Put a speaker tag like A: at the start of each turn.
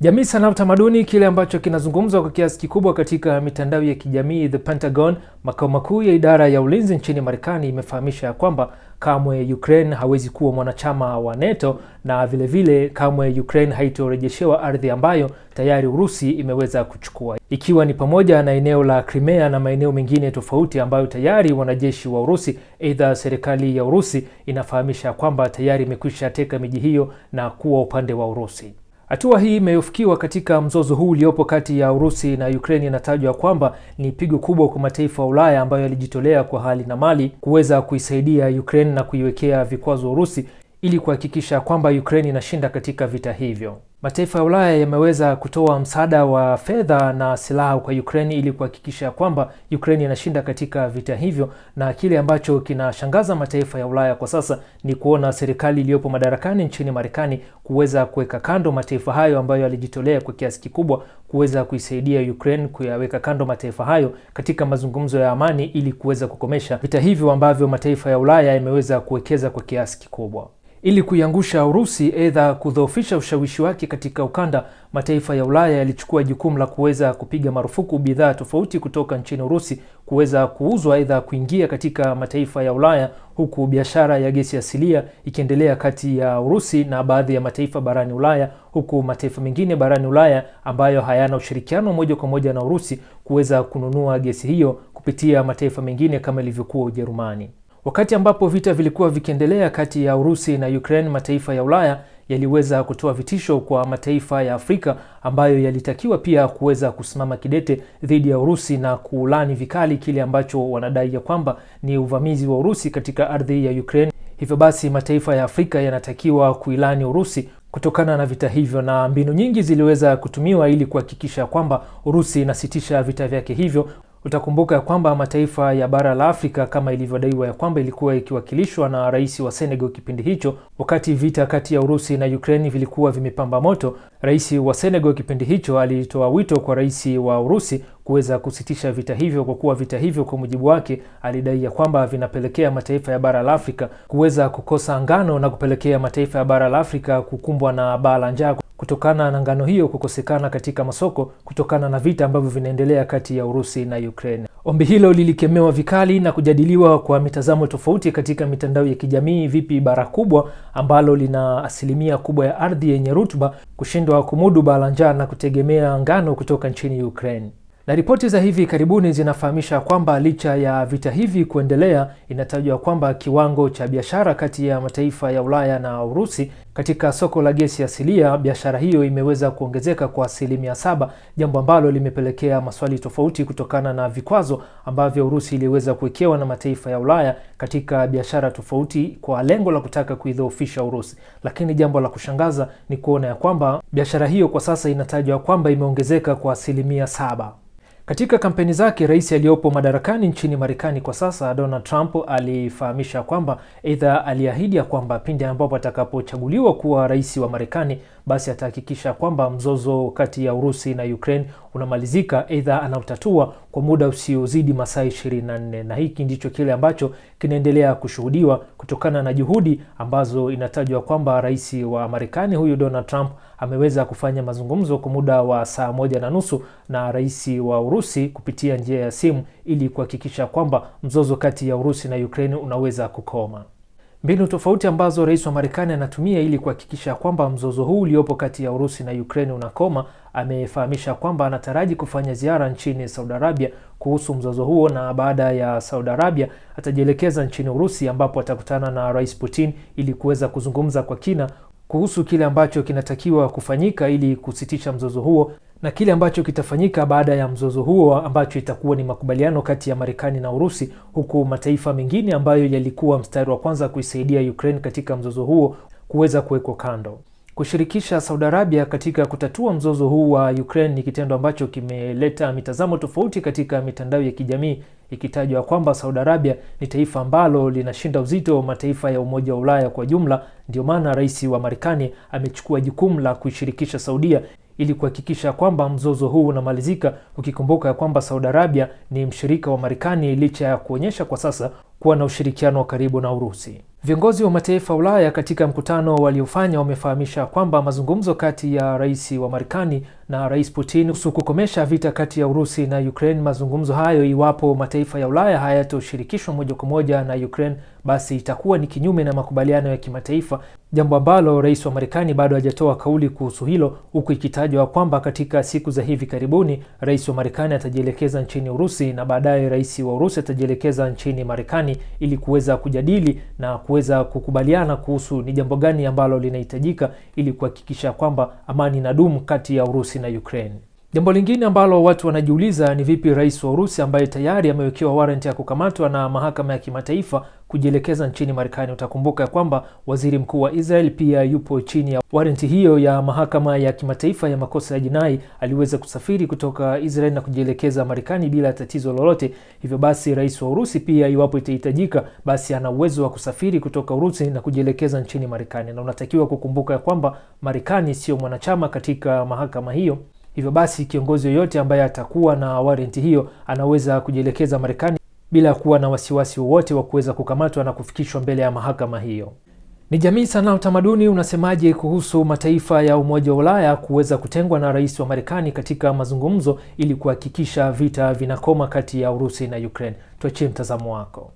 A: Jamii, sanaa utamaduni, kile ambacho kinazungumzwa kwa kiasi kikubwa katika mitandao ya kijamii. The Pentagon, makao makuu ya idara ya ulinzi nchini Marekani, imefahamisha ya kwamba kamwe Ukraine hawezi kuwa mwanachama wa NATO na vilevile vile, kamwe Ukraine haitorejeshewa ardhi ambayo tayari Urusi imeweza kuchukua ikiwa ni pamoja na eneo la Crimea na maeneo mengine tofauti ambayo tayari wanajeshi wa Urusi. Aidha, serikali ya Urusi inafahamisha kwamba tayari imekwisha teka miji hiyo na kuwa upande wa Urusi. Hatua hii imefikiwa katika mzozo huu uliopo kati ya Urusi na Ukraine inatajwa kwamba ni pigo kubwa kwa mataifa ya Ulaya ambayo yalijitolea kwa hali na mali kuweza kuisaidia Ukraine na kuiwekea vikwazo Urusi ili kuhakikisha kwamba Ukraine inashinda katika vita hivyo. Mataifa ya Ulaya yameweza kutoa msaada wa fedha na silaha kwa Ukraine ili kuhakikisha kwamba Ukraine inashinda katika vita hivyo, na kile ambacho kinashangaza mataifa ya Ulaya kwa sasa ni kuona serikali iliyopo madarakani nchini Marekani kuweza kuweka kando mataifa hayo ambayo yalijitolea kwa kiasi kikubwa kuweza kuisaidia Ukraine, kuyaweka kando mataifa hayo katika mazungumzo ya amani ili kuweza kukomesha vita hivyo ambavyo mataifa ya Ulaya yameweza kuwekeza kwa kiasi kikubwa ili kuiangusha Urusi, aidha kudhoofisha ushawishi wake katika ukanda. Mataifa ya Ulaya yalichukua jukumu la kuweza kupiga marufuku bidhaa tofauti kutoka nchini Urusi kuweza kuuzwa, aidha kuingia katika mataifa ya Ulaya, huku biashara ya gesi asilia ikiendelea kati ya Urusi na baadhi ya mataifa barani Ulaya, huku mataifa mengine barani Ulaya ambayo hayana ushirikiano moja kwa moja na Urusi kuweza kununua gesi hiyo kupitia mataifa mengine kama ilivyokuwa Ujerumani. Wakati ambapo vita vilikuwa vikiendelea kati ya Urusi na Ukraine, mataifa ya Ulaya yaliweza kutoa vitisho kwa mataifa ya Afrika ambayo yalitakiwa pia kuweza kusimama kidete dhidi ya Urusi na kulani vikali kile ambacho wanadai ya kwamba ni uvamizi wa Urusi katika ardhi ya Ukraine. Hivyo basi mataifa ya Afrika yanatakiwa kuilani Urusi kutokana na vita hivyo, na mbinu nyingi ziliweza kutumiwa ili kuhakikisha kwamba Urusi inasitisha vita vyake hivyo Utakumbuka ya kwamba mataifa ya bara la Afrika kama ilivyodaiwa ya kwamba ilikuwa ikiwakilishwa na rais wa Senegal kipindi hicho, wakati vita kati ya Urusi na Ukraini vilikuwa vimepamba moto. Rais wa Senegal kipindi hicho alitoa wito kwa rais wa Urusi kuweza kusitisha vita hivyo, kwa kuwa vita hivyo kwa mujibu wake alidai ya kwamba vinapelekea mataifa ya bara la Afrika kuweza kukosa ngano na kupelekea mataifa ya bara la Afrika kukumbwa na baa la njaa kutokana na ngano hiyo kukosekana katika masoko kutokana na vita ambavyo vinaendelea kati ya Urusi na Ukraine. Ombi hilo lilikemewa vikali na kujadiliwa kwa mitazamo tofauti katika mitandao ya kijamii, vipi bara kubwa ambalo lina asilimia kubwa ya ardhi yenye rutuba kushindwa kumudu balaa njaa na kutegemea ngano kutoka nchini Ukraine. Na ripoti za hivi karibuni zinafahamisha kwamba licha ya vita hivi kuendelea, inatajwa kwamba kiwango cha biashara kati ya mataifa ya Ulaya na Urusi katika soko la gesi asilia, biashara hiyo imeweza kuongezeka kwa asilimia saba, jambo ambalo limepelekea maswali tofauti kutokana na vikwazo ambavyo Urusi iliweza kuwekewa na mataifa ya Ulaya katika biashara tofauti kwa lengo la kutaka kuidhoofisha Urusi. Lakini jambo la kushangaza ni kuona ya kwamba biashara hiyo kwa sasa inatajwa kwamba imeongezeka kwa asilimia saba. Katika kampeni zake, rais aliyopo madarakani nchini Marekani kwa sasa, Donald Trump alifahamisha kwamba aidha, aliahidi ya kwamba pindi ambapo atakapochaguliwa kuwa rais wa Marekani, basi atahakikisha kwamba mzozo kati ya Urusi na Ukraine unamalizika, aidha anautatua kwa muda usiozidi masaa 24 na hiki ndicho kile ambacho kinaendelea kushuhudiwa kutokana na juhudi ambazo inatajwa kwamba rais wa Marekani huyu Donald Trump ameweza kufanya mazungumzo kwa muda wa saa moja na nusu na rais wa Urusi kupitia njia ya simu ili kuhakikisha kwamba mzozo kati ya Urusi na Ukraine unaweza kukoma. Mbinu tofauti ambazo rais wa Marekani anatumia ili kuhakikisha kwamba mzozo huu uliopo kati ya Urusi na Ukraine unakoma. Amefahamisha kwamba anataraji kufanya ziara nchini Saudi Arabia kuhusu mzozo huo, na baada ya Saudi Arabia atajielekeza nchini Urusi ambapo atakutana na Rais Putin ili kuweza kuzungumza kwa kina kuhusu kile ambacho kinatakiwa kufanyika ili kusitisha mzozo huo na kile ambacho kitafanyika baada ya mzozo huo ambacho itakuwa ni makubaliano kati ya Marekani na Urusi, huku mataifa mengine ambayo yalikuwa mstari wa kwanza kuisaidia Ukraine katika mzozo huo kuweza kuwekwa kando. Kushirikisha Saudi Arabia katika kutatua mzozo huu wa Ukraine ni kitendo ambacho kimeleta mitazamo tofauti katika mitandao ya kijamii ikitajwa kwamba Saudi Arabia ni taifa ambalo linashinda uzito wa mataifa ya Umoja wa Ulaya kwa jumla. Ndio maana rais wa Marekani amechukua jukumu la kuishirikisha Saudia ili kuhakikisha kwamba mzozo huu unamalizika, ukikumbuka ya kwamba Saudi Arabia ni mshirika wa Marekani licha ya kuonyesha kwa sasa kuwa na ushirikiano wa karibu na Urusi. Viongozi wa mataifa ya Ulaya katika mkutano waliofanya wamefahamisha kwamba mazungumzo kati ya rais wa Marekani na Rais Putin kuhusu kukomesha vita kati ya Urusi na Ukraine, mazungumzo hayo, iwapo mataifa ya Ulaya hayatoshirikishwa moja kwa moja na Ukraine, basi itakuwa ni kinyume na makubaliano ya kimataifa, jambo ambalo rais wa Marekani bado hajatoa kauli kuhusu hilo, huku ikitajwa kwamba katika siku za hivi karibuni rais wa Marekani atajielekeza nchini Urusi na baadaye rais wa Urusi atajielekeza nchini Marekani ili kuweza kujadili na kuweza kukubaliana kuhusu ni jambo gani ambalo linahitajika ili kuhakikisha kwamba amani na dumu kati ya Urusi na Ukraine. Jambo lingine ambalo watu wanajiuliza ni vipi rais wa Urusi ambaye tayari amewekewa warrant ya kukamatwa na mahakama ya kimataifa kujielekeza nchini Marekani. Utakumbuka ya kwamba waziri mkuu wa Israel pia yupo chini ya warrant hiyo ya mahakama ya kimataifa ya makosa ya jinai. Aliweza kusafiri kutoka Israel na kujielekeza Marekani bila tatizo lolote. Hivyo basi, rais wa Urusi pia, iwapo itahitajika, basi ana uwezo wa kusafiri kutoka Urusi na kujielekeza nchini Marekani, na unatakiwa kukumbuka ya kwamba Marekani siyo mwanachama katika mahakama hiyo. Hivyo basi kiongozi yoyote ambaye atakuwa na warenti hiyo anaweza kujielekeza Marekani bila kuwa na wasiwasi wowote wa kuweza kukamatwa na kufikishwa mbele ya mahakama hiyo. Ni jamii sana. Utamaduni unasemaje kuhusu mataifa ya Umoja wa Ulaya kuweza kutengwa na rais wa Marekani katika mazungumzo ili kuhakikisha vita vinakoma kati ya Urusi na Ukraine? Tuachie mtazamo wako.